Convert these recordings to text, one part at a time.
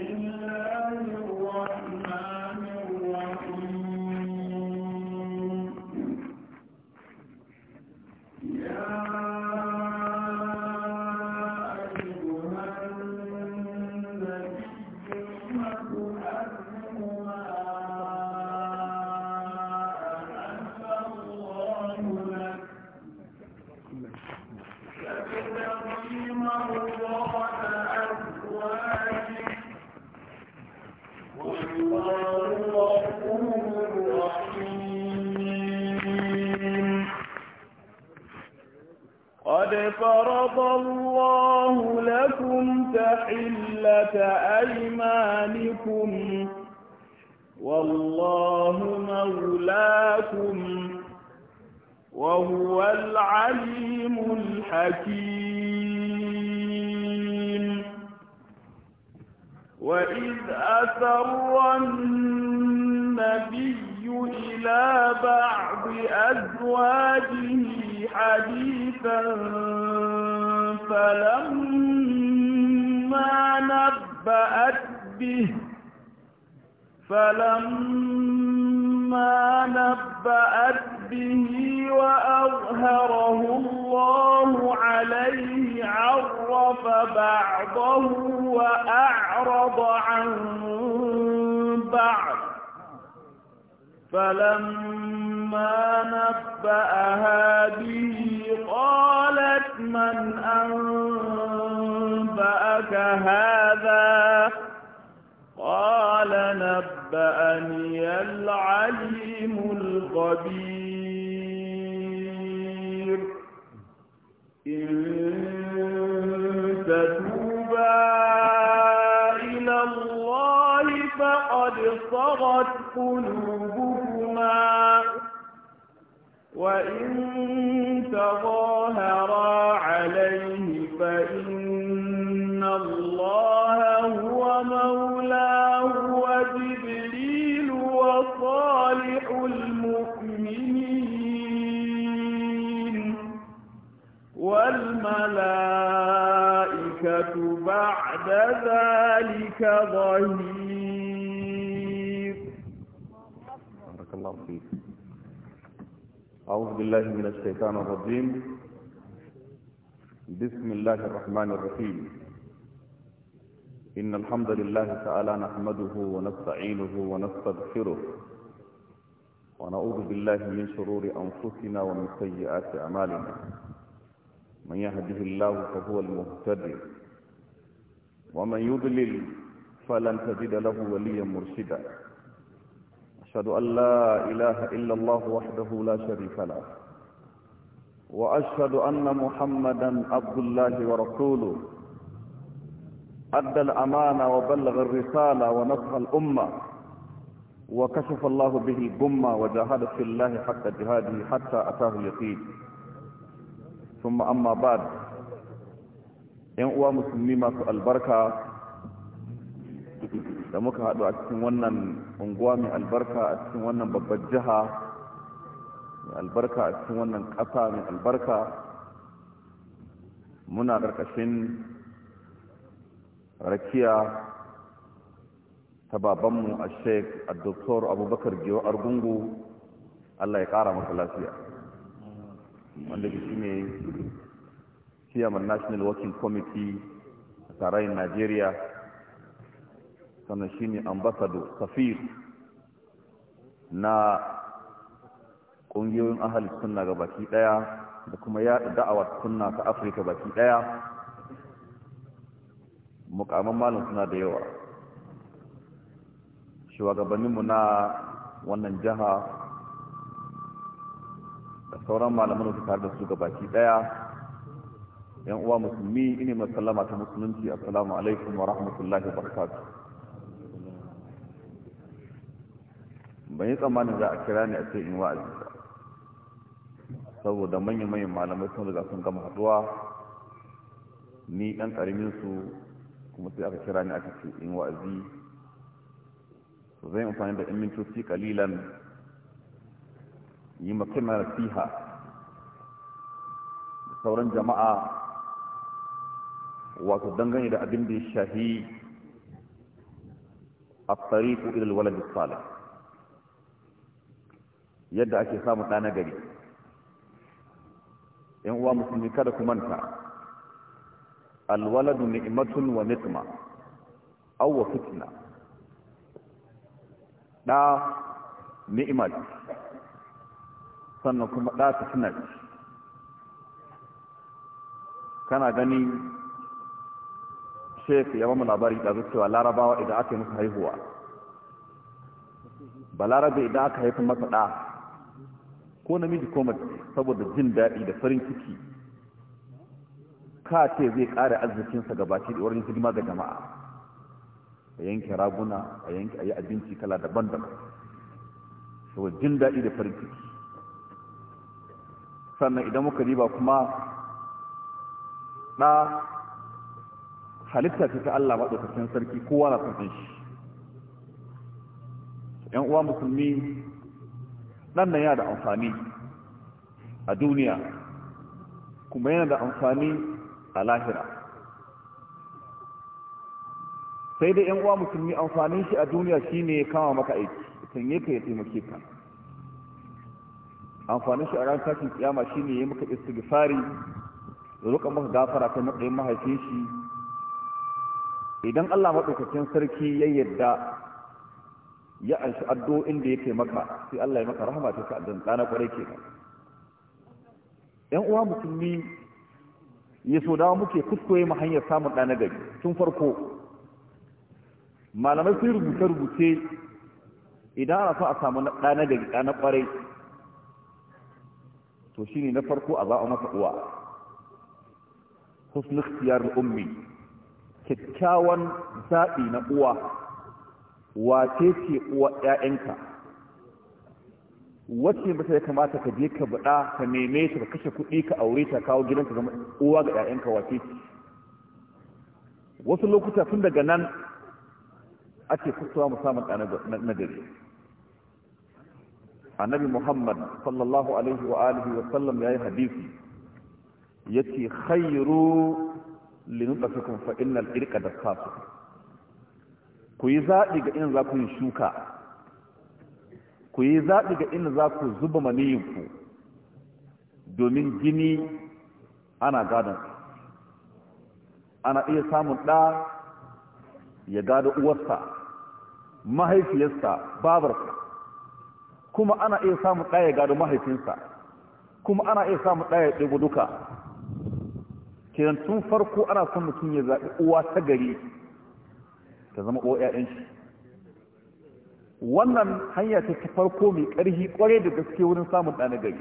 إلا وإذ أسر النبي إلى بعض أزواجه حديثا فلما نبأت به فلما نبأت به وأظهره الله عليه عرف بعضه وأعرض عن بعض فلما نبأها به قالت من أنبأك هذا؟ قال نبأني العليم الخبير إن تتوبا إلى الله فقد صغت قلوبكما وإن تظاهرا ذلك ظهير بارك الله فيك أعوذ بالله من الشيطان الرجيم بسم الله الرحمن الرحيم إن الحمد لله تعالى نحمده ونستعينه ونستغفره ونعوذ بالله من شرور أنفسنا ومن سيئات أعمالنا من يهده الله فهو المهتدي ومن يضلل فلن تجد له وليا مرشدا أشهد أن لا إله إلا الله وحده لا شريك له وأشهد أن محمدا عبد الله ورسوله أدى الأمانة وبلغ الرسالة ونصح الأمة وكشف الله به الجمة وجاهد في الله حتى جهاده حتى أتاه اليقين ثم أما بعد yan uwa musulmi masu albarka da muka haɗu a cikin wannan unguwa mai albarka a cikin wannan babbar jiha mai albarka a cikin wannan ƙasa mai albarka muna ƙarƙashin rakiya ta babanmu a sheik a doktor abubakar giwa argungu allah ya ƙara masa lafiya wanda shi ne chairman national working committee a tarayin najeriya sannan shi ne ambassador safir na ƙungiyoyin ahalin suna ga baki ɗaya da kuma yaɗa da'awar suna ta afirka baki ɗaya mukamman malin suna da yawa shugabanninmu na wannan jiha da sauran malamin su tare da su ga baki ɗaya yan uwa musulmi ina mai sallama ta musulunci assalamu alaikum wa rahmatullahi wa barakatuh ban yi tsammanin za a kira ni a ce in wa'azi ba saboda manya-manyan malamai sun riga sun gama haduwa ni 'yan karamin su kuma sai aka kira ni aka ce in wa'azi to zai amfani da 'yan mintoci kalilan yi makimar fiha sauran jama'a wato dangane da abin da ya shahi a tsariku idan walad salih yadda ake samun ɗa nagari, gari yan uwa musulmi kada ku manta alwaladu ni'matun wa nikma aw wa fitna ɗa ni'mat sannan kuma ɗa fitna kana gani sai ya mamu labari ɗazu cewa larabawa idan aka yi musu haihuwa ba larabe idan aka haifi masa ɗa ko namiji ko mace saboda jin daɗi da farin ciki ka ce zai ƙara arzikinsa ga baki da wurin hidima ga jama'a a yanke raguna a yanke a yi abinci kala daban-daban saboda jin daɗi da farin ciki sannan idan muka riba kuma ɗa halitta ce ta Allah maɗaukacin sarki kowa na san shi ‘yan uwa musulmi nan nan yana da amfani a duniya kuma yana da amfani a lahira sai dai ‘yan uwa musulmi amfanin shi a duniya shine ya kama maka aiki yi ka ya taimake ka amfanin shi a ran tashin kiyama shine ya maka istigifari da roƙa maka gafara ta matsayin mahaifin shi idan Allah maɗaukacin sarki ya yadda ya anshi addu'o'in da yake maka sai Allah ya maka rahama ta sa'adun ɗana kwarai ke ba. ‘yan uwa musulmi ya so dawa muke kuskure ma hanyar samun ɗana gari tun farko malamai sun rubuce-rubuce idan ana so a samu ɗana gari ɗana kwarai to shi ne na farko a za'a masa uwa husnul ummi kyakkyawan zaɓi na uwa wace ce uwa ‘ya'yanka wacce ba ya kamata ka je ka buɗa ka neme ta ka kashe kuɗi ka aure ta kawo gidanka zama uwa ga ‘ya'yanka wace ce wasu lokuta tun daga nan ake kusurwa musamman ɗana na a annabi muhammad sallallahu alaihi wa alihi wa sallam ya yi hadisi ya ce khairu linuka sukan na irka da kasu ku yi zaɓi ga inda za ku yi shuka ku yi zaɓi ga inda za ku zuba maniyinku domin gini ana gadon ana iya samun ɗa ya gado uwarsa mahaifiyarsa babarsa kuma ana iya samun ɗaya gado mahaifinsa kuma ana iya samun ɗaya ɗigo duka kenan tun farko ana son mutum ya zaɓi uwa ta gari ta zama uwa ƴaƴan shi wannan hanya ce ta farko mai ƙarfi ƙwarai da gaske wurin samun ɗana gari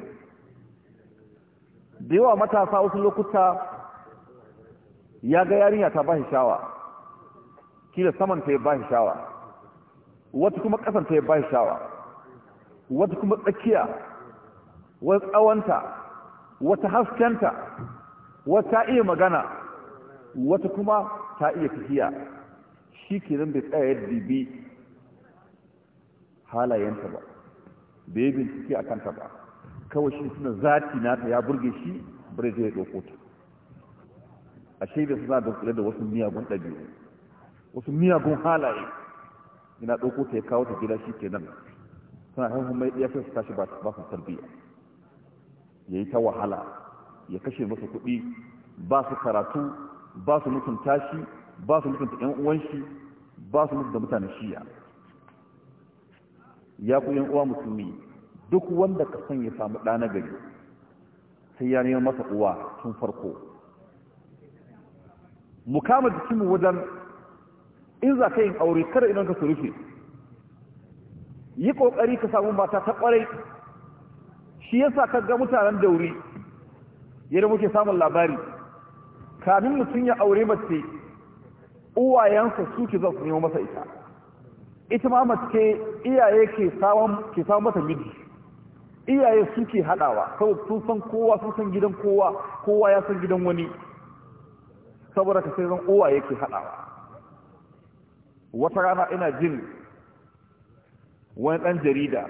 da yawa matasa wasu lokuta ya ga yarinya ta ba shi shawa kila saman ta ya ba shi shawa wata kuma ƙasan ta ya ba shi shawa wata kuma tsakiya wata tsawonta wata haskenta wata iya magana wata kuma ta iya tafiya shi ke nan bai tsaya dibi halayenta ba bai yi bincike a kanta ba kawai shi suna zati nata ya burge shi bari zai ɗauko ta a shaida suna da kula da wasu miyagun ɗabi'u wasu miyagun halaye yana ɗauko ta ya kawo ta gida shi ke nan suna haihun mai ɗaya sai su tashi ba su tarbiyya ya yi ta wahala ya kashe masa kuɗi ba su karatu ba su mutunta shi ba su mutunta ‘yan uwan shi ba su mutunta mutane shiya ya ku ‘yan uwa musulmi duk wanda ka san ya samu ɗana na gari sai ya neman masa uwa tun farko mu kama jikinmu wajen in za ka yin aure kada idan ka su rufe yi ƙoƙari ka samu mata ta ƙwarai shi yasa ka ga mutanen dauri yadda muke samun labari kamin mutum ya aure mace uwayensa su ke zan nemo masa ita ita ma mace iyaye ke samun mata miji iyaye su ke haɗawa saboda sun san kowa sun san gidan kowa kowa ya san gidan wani saboda ka sai zan uwaye ke haɗawa wata rana ina jin wani ɗan jarida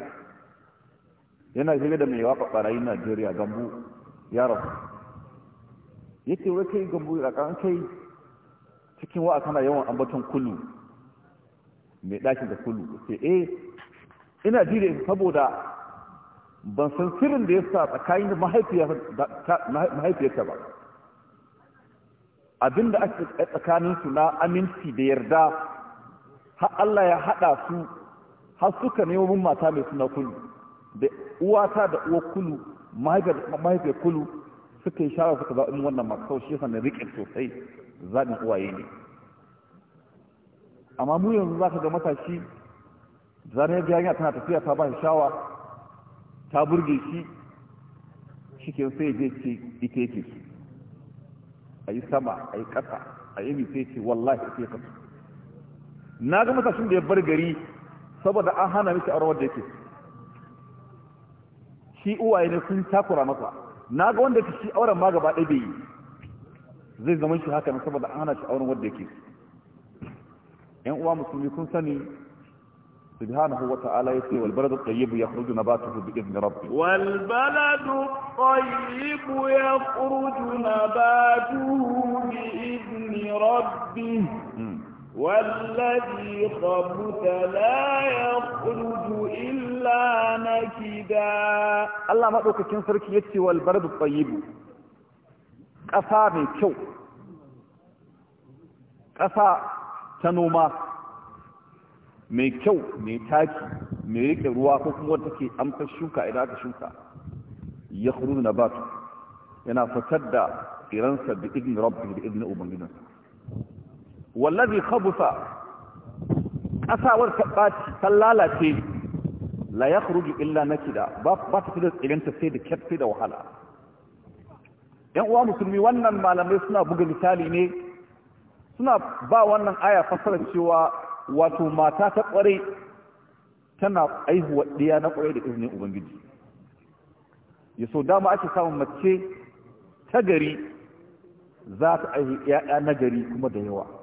yana shiga da mai waƙa ɓarayin najeriya gambu ya rasu yace wai kai gambo da kan kai cikin wa'a kana yawan ambaton Kulu mai ɗakin da Kulu. ce eh ina jire saboda ban san sirrin da ya sa tsakanin mahaifiyarta ba abinda ake tsakaninsu na aminci da yarda har Allah ya haɗa su har suka nemo mun mata mai suna kulu da uwata da uwa kulu mahaifiyar kulu suka yi shawar suka zaɓin wannan makau shi na riƙe sosai zaɓin uwaye ne amma mu yanzu za ka ga matashi zanen ya yana tana tafiya ta ba shi shawa ta burge shi shi ke sai je ce ita yake su a yi sama a yi ƙasa a yi sai ce wallahi ita yake su na ga matashin da ya bar gari saboda an hana miki rawar wanda yake shi uwaye ne sun takura masa na ga wanda yake shi auren ma gaba ɗaya bai zai zama shi haka na saboda ana shi auren wanda yake yan uwa musulmi kun sani subhanahu wa ta'ala سبحانه وتعالى يقول والبلد الطيب يخرج نباته بإذن ربه والبلد الطيب يخرج نباته بإذن ربه م. والذي خبث لا يخرج إلا نكدا الله مدوك كن سركي يتي والبرد الطيب قصامي كو قصا تنوما mai kyau mai taki mai rike ruwa ko kuma wadda take amsar shuka idan aka shuka ya kuru na yana fitar da iransa da idin da wallazi khabusa kasawar ta ɓaci lalace la ya illa na kida ba ta fi da ta sai da kafi da wahala ‘yan uwa musulmi wannan malamai suna buga misali ne suna ba wannan aya fasara cewa wato mata ta kware tana aihuwa ɗaya na kware da izinin ubangiji ya so dama ake samun mace ta gari za ta aihu ‘ya'ya na gari kuma da yawa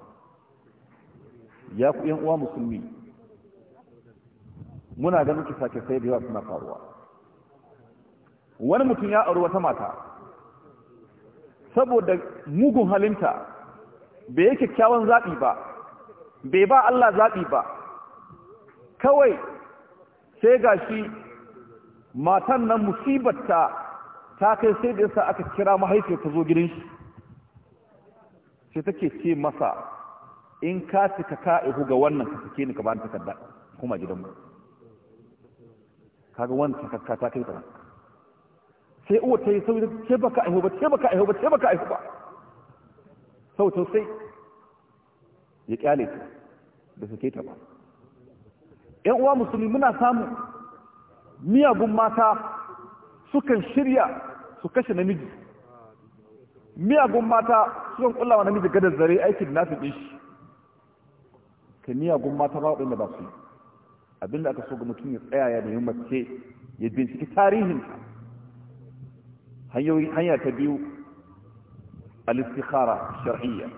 ya ku yan uwa musulmi muna ganin sake sai da yawa suna faruwa wani mutum ya auri wata mata saboda mugun halinta bai yi kyakkyawan zaɓi ba bai ba Allah zaɓi ba kawai sai gashi matan nan musibarta ta kai sai da yasa aka kira mahaifiyar ta zo gidan shi sai take ce masa in ka cika ka ihu ga wannan ka sake ni ka bani takarda kuma gidan mu. kaga wannan takarda ta kai ta sai uwa ta yi sauri ce baka ihu ba ce ba ihu ba ce ba ihu ba sau sai ya kyale ta da suke ta ba ‘yan uwa musulmi muna samu miyagun mata sukan shirya su kashe namiji miyagun mata sukan kullawa namiji gadar zare aikin nasu ɗin shi ta miyagun mata ba waɗanda ba su yi abinda aka so ga mutum ya tsaya ya nemi mace ya binciki tarihin hanyoyi hanya ta biyu al-istikhara shar'iyya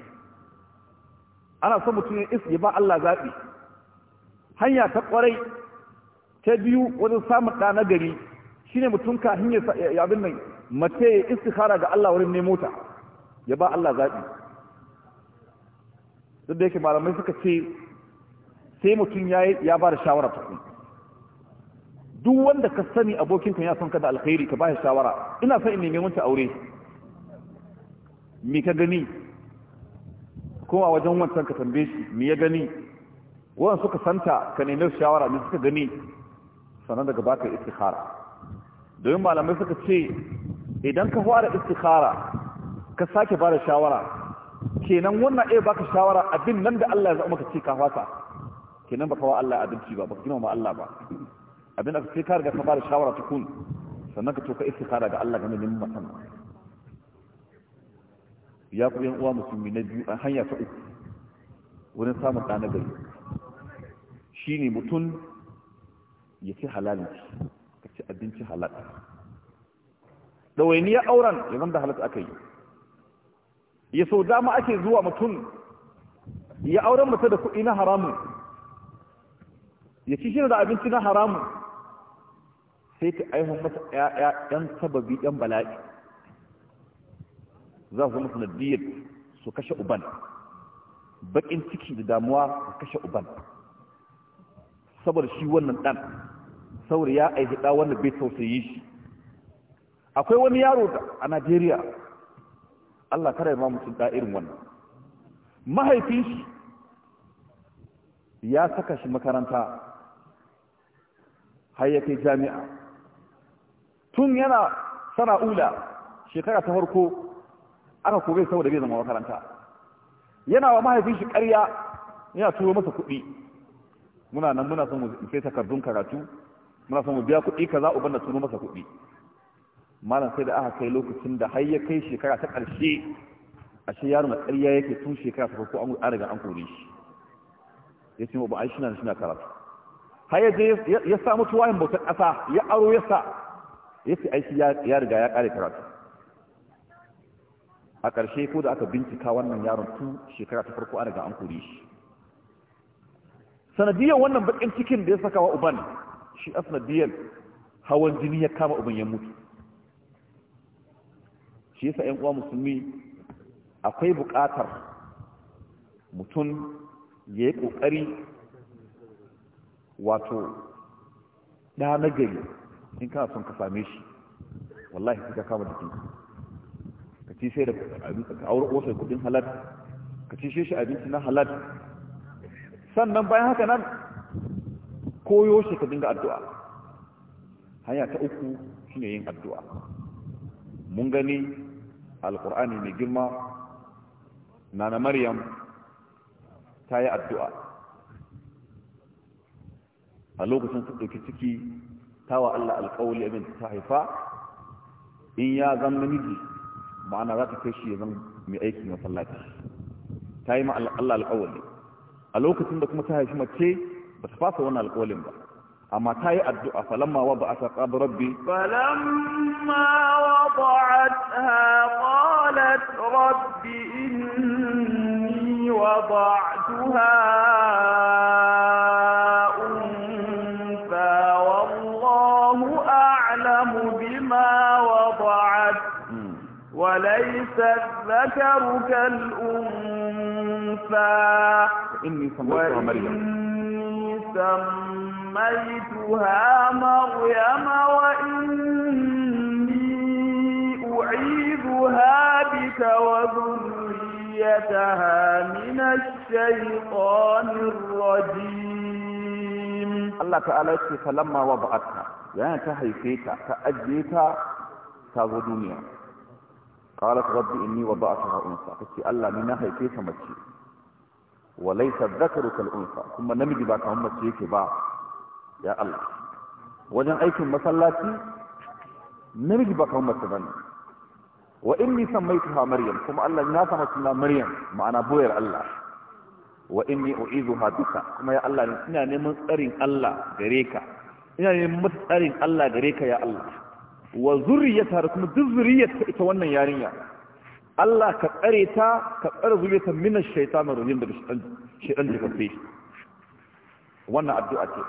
ana so mutum ya isi ba Allah zaɓi. hanya ta ƙwarai, ta biyu wajen samun ɗa na gari shine mutum ka hanyar abin nan mace ya istikhara ga Allah wurin nemo ta ya ba Allah zaɓi. duk da yake malamai suka ce sai mutum ya ya ba da shawara ta duk wanda ka sani abokin ka ya san ka da alkhairi ka ba shi shawara ina son in nemi wancan aure me ka gani ko a wajen wancan ka tambaye shi me ya gani wannan suka santa ka nemi shawara ne suka gani sannan daga baka istikhara domin malamai suka ce idan ka fara istikhara ka sake ba da shawara kenan wannan iya baka shawara abin nan da Allah ya zama ka ce ka fasa kenan baka wa Allah adalci ba baka girmama Allah ba abin da sai ka riga ka fara shawara ta kun sannan ka toka istikhara ga Allah game da matan ya ku yan uwa musulmi na biyu an hanya ta uku wurin samun ɗana gari shine mutum ya ci ne ka ci abinci halal ɗawainiyar auren ya zan da halatta aka yi ya sau dama ake zuwa mutum ya auren mutu da kuɗi na haramun ya ci shi da abinci na haramun sai ta aihon masa ɗan sababi ‘yan bala'i za su musu nadiyar su kashe uban baƙin ciki da damuwa su kashe uban saboda shi wannan ɗan saboda ya aiki ɗa wanda bai tausayi shi akwai wani yaro da a najeriya allah kara ya mamucin ɗa irin wannan mahaifin shi ya saka shi makaranta har ya kai jami'a tun yana sana'ula shekara ta farko aka kobe saboda bai zama makaranta yana wa mahaifin shi ƙarya yana turo masa kuɗi muna nan muna son mu sai takardun karatu muna son mu biya kuɗi ka kaza uban da turo masa kuɗi malam sai da aka kai lokacin da har ya kai shekara ta ƙarshe ashe yaro na ƙarya yake tun shekara ta farko an riga an kore shi ya ce ba ai shi na shi na karatu har ya je ya samu bautar ƙasa ya aro ya sa ya fi aiki ya riga ya ƙare karatu a ƙarshe ko da aka bincika wannan yaron tun shekara ta farko ana ga an kuri shi sanadiyar wannan bakin cikin da ya saka wa uban shi a sanadiyar hawan jini ya kama uban ya mutu shi yasa ƴan uwa musulmi akwai buƙatar mutum ya yi ƙoƙari wato ɗa na gari in kana son ka same shi wallahi suka ka kama kinka ka ci sai da abinci ka aure wasu kudin halal ka ci shi abinci na halal sannan bayan haka nan koyo shi ka dinga addu'a hanya ta uku shine yin addu'a mun gani alqur'ani mai girma nana maryam ta yi addu'a a lokacin su ɗauki ciki tawa Allah alƙawali abin ta haifa in ya zan namiji ma'ana za ta kai shi ya zan mai aikin masallaci ta yi ma Allah alƙawali a lokacin da kuma ta haifi mace ba ta fasa wannan alƙawalin ba أما تاي الدعاء فلما وضعت قاب ربي فلما وضعتها قالت رب إني وضعتها ذكرك الأنثى إني سميتها مريم سميتها مريم وإني أعيذها بك وذريتها من الشيطان الرجيم الله تعالى فلما وضعتها يعني تهيفيتها تأجيتها تاغو دنيا قالت رب إني وضعتها أنثى قلت الله من ناحية كيف مجي وليس الذكر كالأنثى ثم نمجي باك هم مجيك با يا الله وجن أيك مسلاتي نمجي باك هم مجيك وإني سميتها مريم ثم الله ناسا مسلنا مريم معنا بوير الله وإني أعيذها بك ثم يا الله إنا نمسأرين الله غريك إنا نمسأرين الله غريك يا الله wa zuriyata da kuma duk zuriyata ita wannan yarinya Allah ka tsare ta ka tsare zuriyata min ash-shaytanir rajim daga shaytan da kafe wannan addu'a ce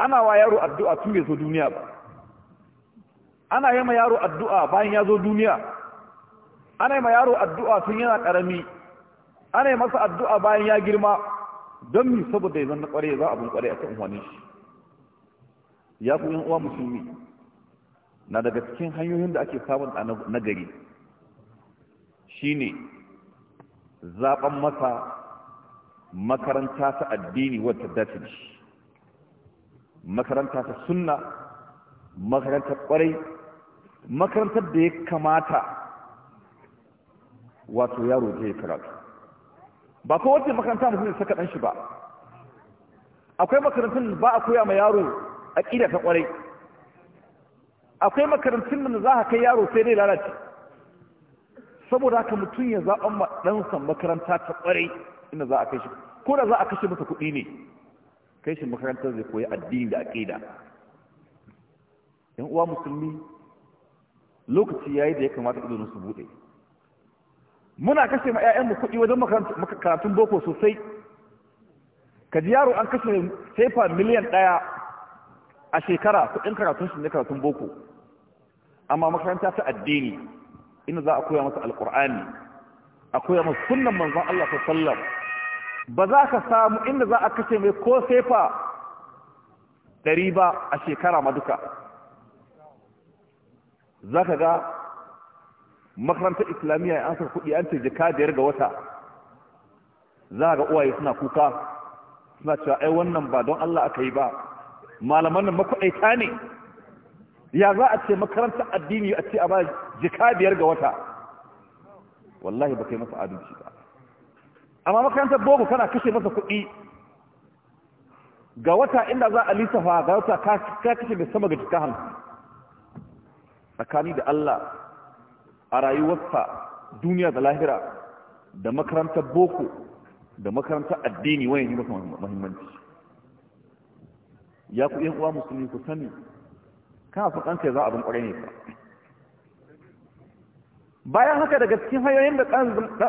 ana wa yaro addu'a tun bai zo duniya ba ana yi ma yaro addu'a bayan ya zo duniya ana yi ma yaro addu'a tun yana karami ana yi masa addu'a bayan ya girma don mi saboda ya zanna kware za abin kware a kan wani shi ya fi yin uwa musulmi na daga cikin hanyoyin da ake samun a nagari Shi ne zaɓen masa makaranta ta addini wadda dace da shi makaranta ta sunna makaranta ƙwarai makarantar da ya kamata wato yaro ya yi karatu ba ko wacce makaranta mutum ya saka ɗan shi ba akwai makarantar ba a koya ma yaro a ƙida ta ƙwarai akwai makarantun da za a kai yaro sai dai lalace saboda haka mutum ya zaɓan ma ɗansa makaranta ta ƙwarai inda za a kai shi ko da za a kashe masa kuɗi ne kai shi makarantar zai koyi addini da aƙida yan uwa musulmi lokaci yayi da ya kamata idonin su buɗe muna kashe ma 'ya'yanmu kuɗi wajen karatun boko sosai ka ji yaro an kashe sefa miliyan ɗaya a shekara kuɗin karatun shi ne karatun boko amma makaranta ta addini inda za a koya masa alƙur'ani a koya masa sunan manzon Allah sallam ba za ka samu inda za a kashe mai ko sefa ɗari ba a shekara ma duka za ka ga makarantar islamiyya ya ansa kuɗi an ce jika biyar ga wata za ga uwaye suna kuka suna cewa ai wannan ba don Allah aka yi ba malaman nan makwaɗaita ne ya za a ce makarantar addini a ce a ba jika biyar ga wata wallahi ba kai masa adalci ba amma makarantar boko kana kashe masa kuɗi ga wata inda za a lissafa ga wata ka kashe mai sama ga jika tsakani da Allah a rayuwarsa duniya da lahira da makarantar boko da makarantar addini wani yi masa muhimmanci ya ku yan uwa musulmi ku sani kan su ɗanka za abin kwarai ne ka bayan haka daga cikin hanyoyin da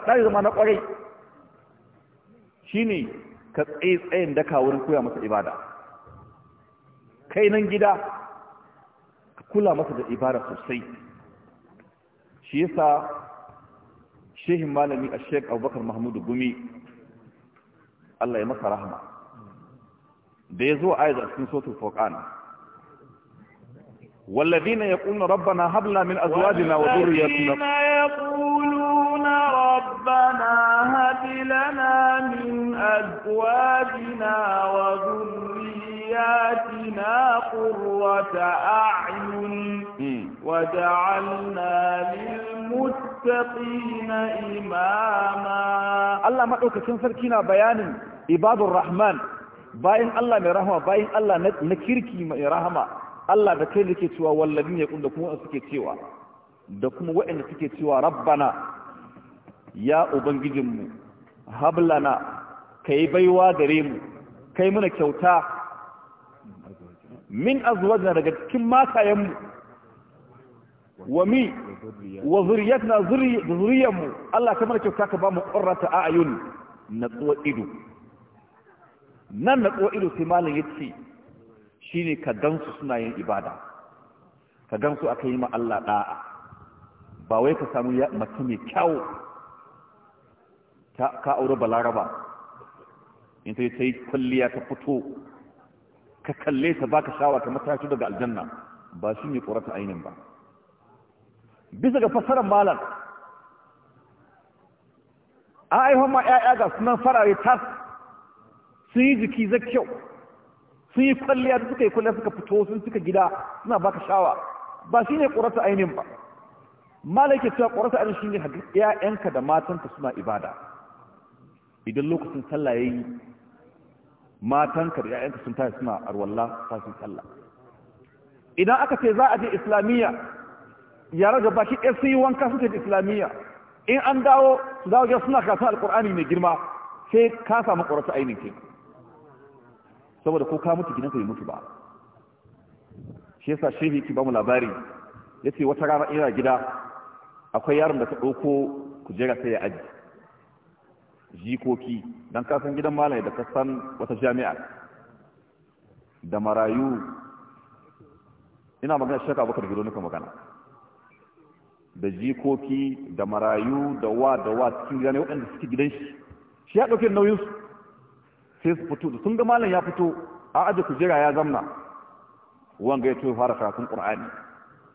ɗari zama na shi shine ka tsaye tsayin daka wurin koya masa ibada kai nan gida ka kula masa da ibada sosai shi yasa shehin malami a shek abubakar mahmudu gumi Allah ya masa rahama da ya zo a yi cikin sotul furqan والذين يقولون ربنا هب لنا من ازواجنا وذرياتنا والذين يقولون ربنا هب لنا من ازواجنا وذرياتنا قرة اعين وجعلنا للمتقين اماما الله ما دوكا سن سركينا بيان عباد الرحمن bayan Allah mai rahama bayan Allah na kirki mai rahama Allah da kai yake cewa wallabi ne kun da kuma suke cewa da kuma waɗanda suke cewa rabbana ya ubangijinmu hablana kai baiwa gare mu kai muna kyauta min azwajna daga cikin matayenmu wa mi wa zuriyatna zuriyanmu Allah ka muna kyauta ka ba mu qurrata a'yun na tsuwa ido nan na ido sai malam ya ce shi ne ka gansu suna yin ibada ka gansu aka yi ma Allah ɗa'a ba wai ka samu mace mai kyau ka aure balaraba in ta yi ta yi kwalliya ta fito ka kalle ta baka shawa ta matashi daga aljanna ba shi ne tsorata ainihin ba bisa ga fasarar malam an aihon ma 'ya'ya ga sunan farare tas sun yi jiki zai kyau sun yi kwalliya da suka yi kwalliya suka fito sun suka gida suna baka shawa ba shi ne ƙurata ainihin ba malaka cewa ƙurata ainihin shi ne ‘ya'yanka da matanka suna ibada idan lokacin sallah ya yi matanka da ‘ya'yanka sun tashi suna arwallah fasin sallah idan aka ce za a je islamiyya yara gaba shi ɗaya sun yi wanka suke da islamiyya in an dawo su dawo gida suna gasa alƙur'ani mai girma sai ka samu ƙurata ainihin kenan saboda ko ka mutu gidanka bai mutu ba shi yasa shehi ki ba mu labari yace wata rana ina gida akwai yaron da ta ɗauko kujera sai ya aji jikoki dan ka san gidan malami da ka san wata jami'a da marayu ina magana shaka bakar gido nuka magana da jikoki da marayu da wa da wa cikin gane waɗanda suke gidan shi shi ya ɗauke nauyinsu sai su fito sun ga malam ya fito a aje kujera ya zamna wanga ya toyo fara karatun ƙur'ani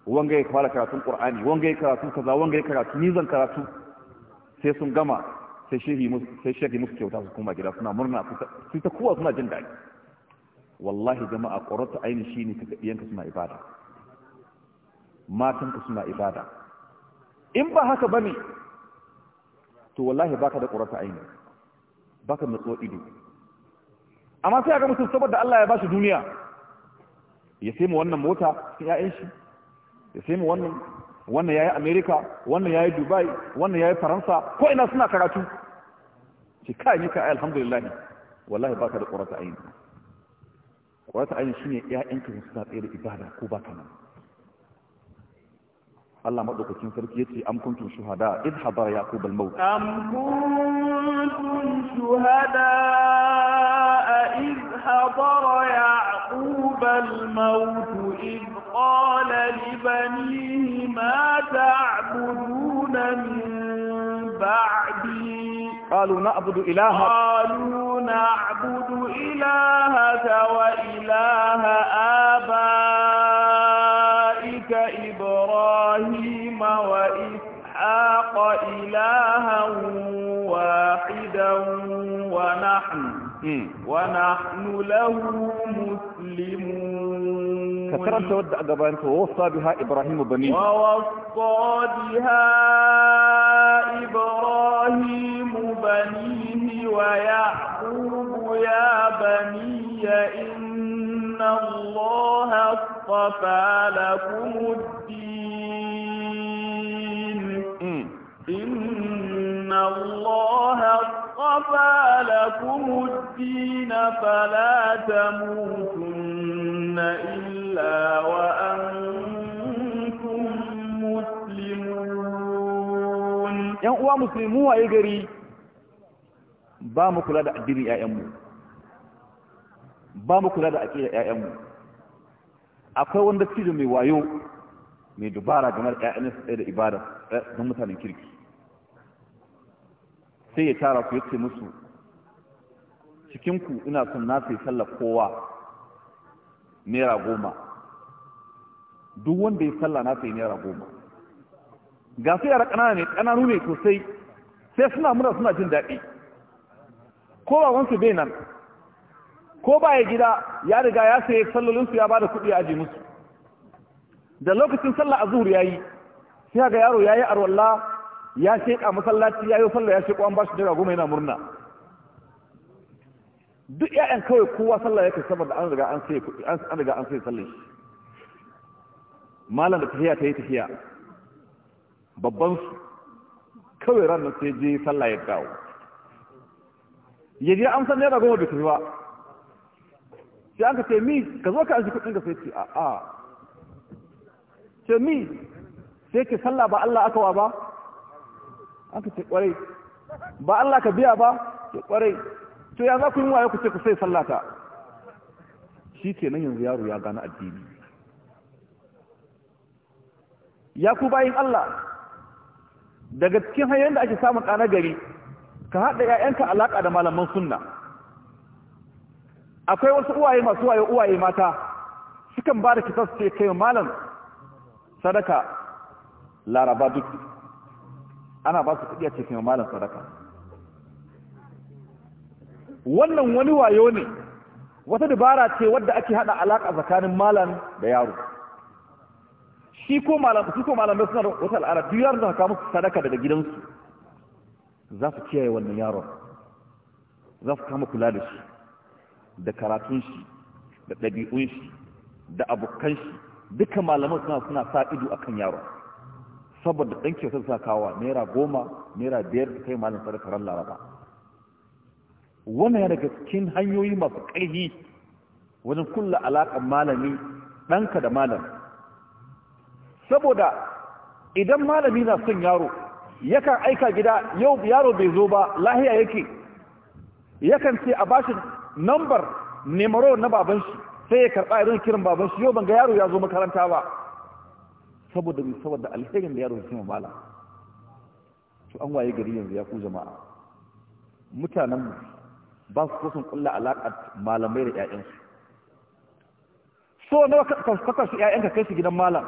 wanga ya fara karatun ƙur'ani wanga ya karatu kaza wanga ya karatu ni zan karatu sai sun gama sai shehi musu sai shehi musu kyauta su koma gida suna murna su ta kowa suna jin daɗi wallahi jama'a ƙorata aini shine ka suna ibada matanka suna ibada in ba haka ba ne to wallahi baka da ƙorata aini baka nutsuwa ido amma sai ga mutum saboda Allah ya bashi duniya ya sai mu wannan mota cikin ƴaƴan shi ya sai mu wannan wannan yayi America wannan yayi Dubai wannan yayi Faransa ko ina suna karatu ce kai ni kai alhamdulillah wallahi baka da qurata ayin qurata ayin shine ƴaƴanka su suna tsaye da ibada ko baka nan Allah madaukakin sarki yace am kuntum shuhada idh hadara yaqub al-maut am kuntum shuhada إذ حضر يعقوب الموت إذ قال لبنيه ما تعبدون من بعدي قالوا نعبد إلهك قالوا نعبد إلهك وإله آبائك إبراهيم وإسحاق إلها واحدا ونحن ونحن له مسلمون كثرة تودع قبانك ووصى بها إبراهيم بنيه ووصى بها إبراهيم بنيه ويعقوب يا بني إن الله اصطفى لكم الدين إن الله اصطفى لكم الدين فلا تموتن إلا وأنتم مسلمون ‘yan uwa musulmi waye gari ba mu kula da addinin ba mu kula da akwai wanda cikin mai wayo mai dubara game da ‘ya'yan da ibada don eh, mutanen kirki sai ya tara ku yace musu cikinku ina son na sai sallar kowa naira goma duk wanda ya sallah na sai naira goma ga sai yara ƙanana ne ƙananu ne sosai sai suna muna suna jin daɗi ko ba wansu bai nan ko ba ya gida ya riga ya saye sallolinsu ya ba da kuɗi aji musu da lokacin sallah a zuhur ya yi sai ga yaro ya yi arwallah ya ce a masallaci ya yi sallah ya ce an ba shi jira goma yana murna duk ƴaƴan kawai kowa sallah ke saboda an riga an sai an riga an sai sallah malam da tafiya ta yi tafiya babban su kawai ranar sai je sallah ya dawo yaji an san naira goma bai tafi ba sai an ka ce mi ka zo ka an shi kuɗin ka sai ce a a ce mi sai ke sallah ba Allah aka wa ba aka ce kwarai ba Allah ka biya ba ce kwarai to ya za ku yi waye ku ce ku sai sallata shi ke nan yanzu yaro ya gane addini ya ku bayin Allah daga cikin hanyar da ake samun ɗana gari ka haɗa ‘ya'yanka alaƙa da malaman sunna akwai wasu uwaye masu waye uwaye mata sukan ba da kitas ce kai malam sadaka laraba duk ana ba su kuɗi a cikin malam sadaka wannan wani wayo ne wata dabara ce wadda ake hada alaka tsakanin malam da yaro shi ko malam shi ko malam suna da wata al'ada duk yaron da ka musu sadaka daga gidansu za su kiyaye wannan yaron za su kama kula da shi da karatun shi da ɗabi'un shi da abokan shi duka malaman suna suna sa ido akan yaron saboda ɗan kyautar sa kawa naira goma naira biyar da kai malin ran laraba wannan ya daga cikin hanyoyi masu ƙarfi wajen kulla alaƙar malami ɗanka da malam saboda idan malami na son yaro yakan aika gida yau yaro bai zo ba lahiya yake yakan ce a bashi nambar nemaro na baban shi sai ya karɓa irin kiran baban shi yau ban ga yaro ya zo makaranta ba saboda mai saboda alherin da yaro su mala to an waye gari yanzu ya ku jama'a mutanen ba su kusan kulla alaƙar malamai da 'ya'yansu so na ka su 'ya'yanka kai su gidan malam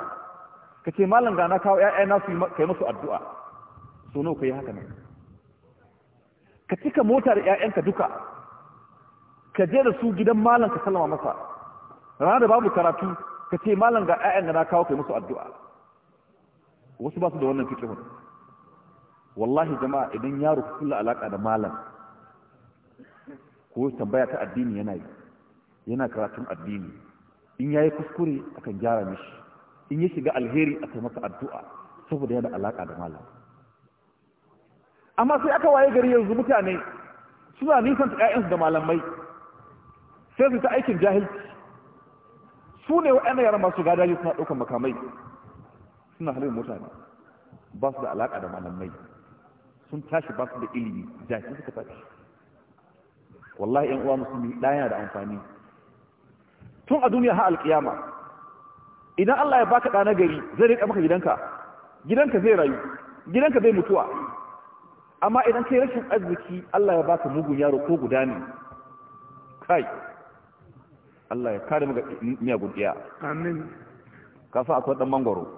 ka ce malam gana kawo 'ya'yana su kai musu addu'a so nawa kai yi haka nan ka cika mota da 'ya'yanka duka ka je da su gidan malam ka sallama masa rana da babu karatu ka ce malam ga 'ya'yan gana kawo kai musu addu'a wasu ba su da wannan fiqhun wallahi jama'a idan yaro ka kulla alaka da malam ko tambaya ta addini yana yi yana karatun addini in yayi kuskure akan gyara mishi in ya shiga alheri akan masa addu'a saboda yana da alaka da malam amma sai aka waye gari yanzu mutane suna nisan ƴaƴansu da malamai sai su ta aikin jahilci su ne waɗanda yara masu gadaji suna ɗaukar makamai suna halin mutane ba su da alaƙa da malamai sun tashi ba su da ilimi jaki suka tashi wallahi yan uwa musulmi ɗaya da amfani tun a duniya har alƙiyama idan Allah ya baka ɗana gari zai riƙa maka gidanka gidanka zai rayu gidanka zai mutuwa amma idan kai rashin arziki Allah ya baka mugun yaro ko guda ne kai Allah ya kare maka miyagun ɗaya amin ka sa akwai ɗan mangoro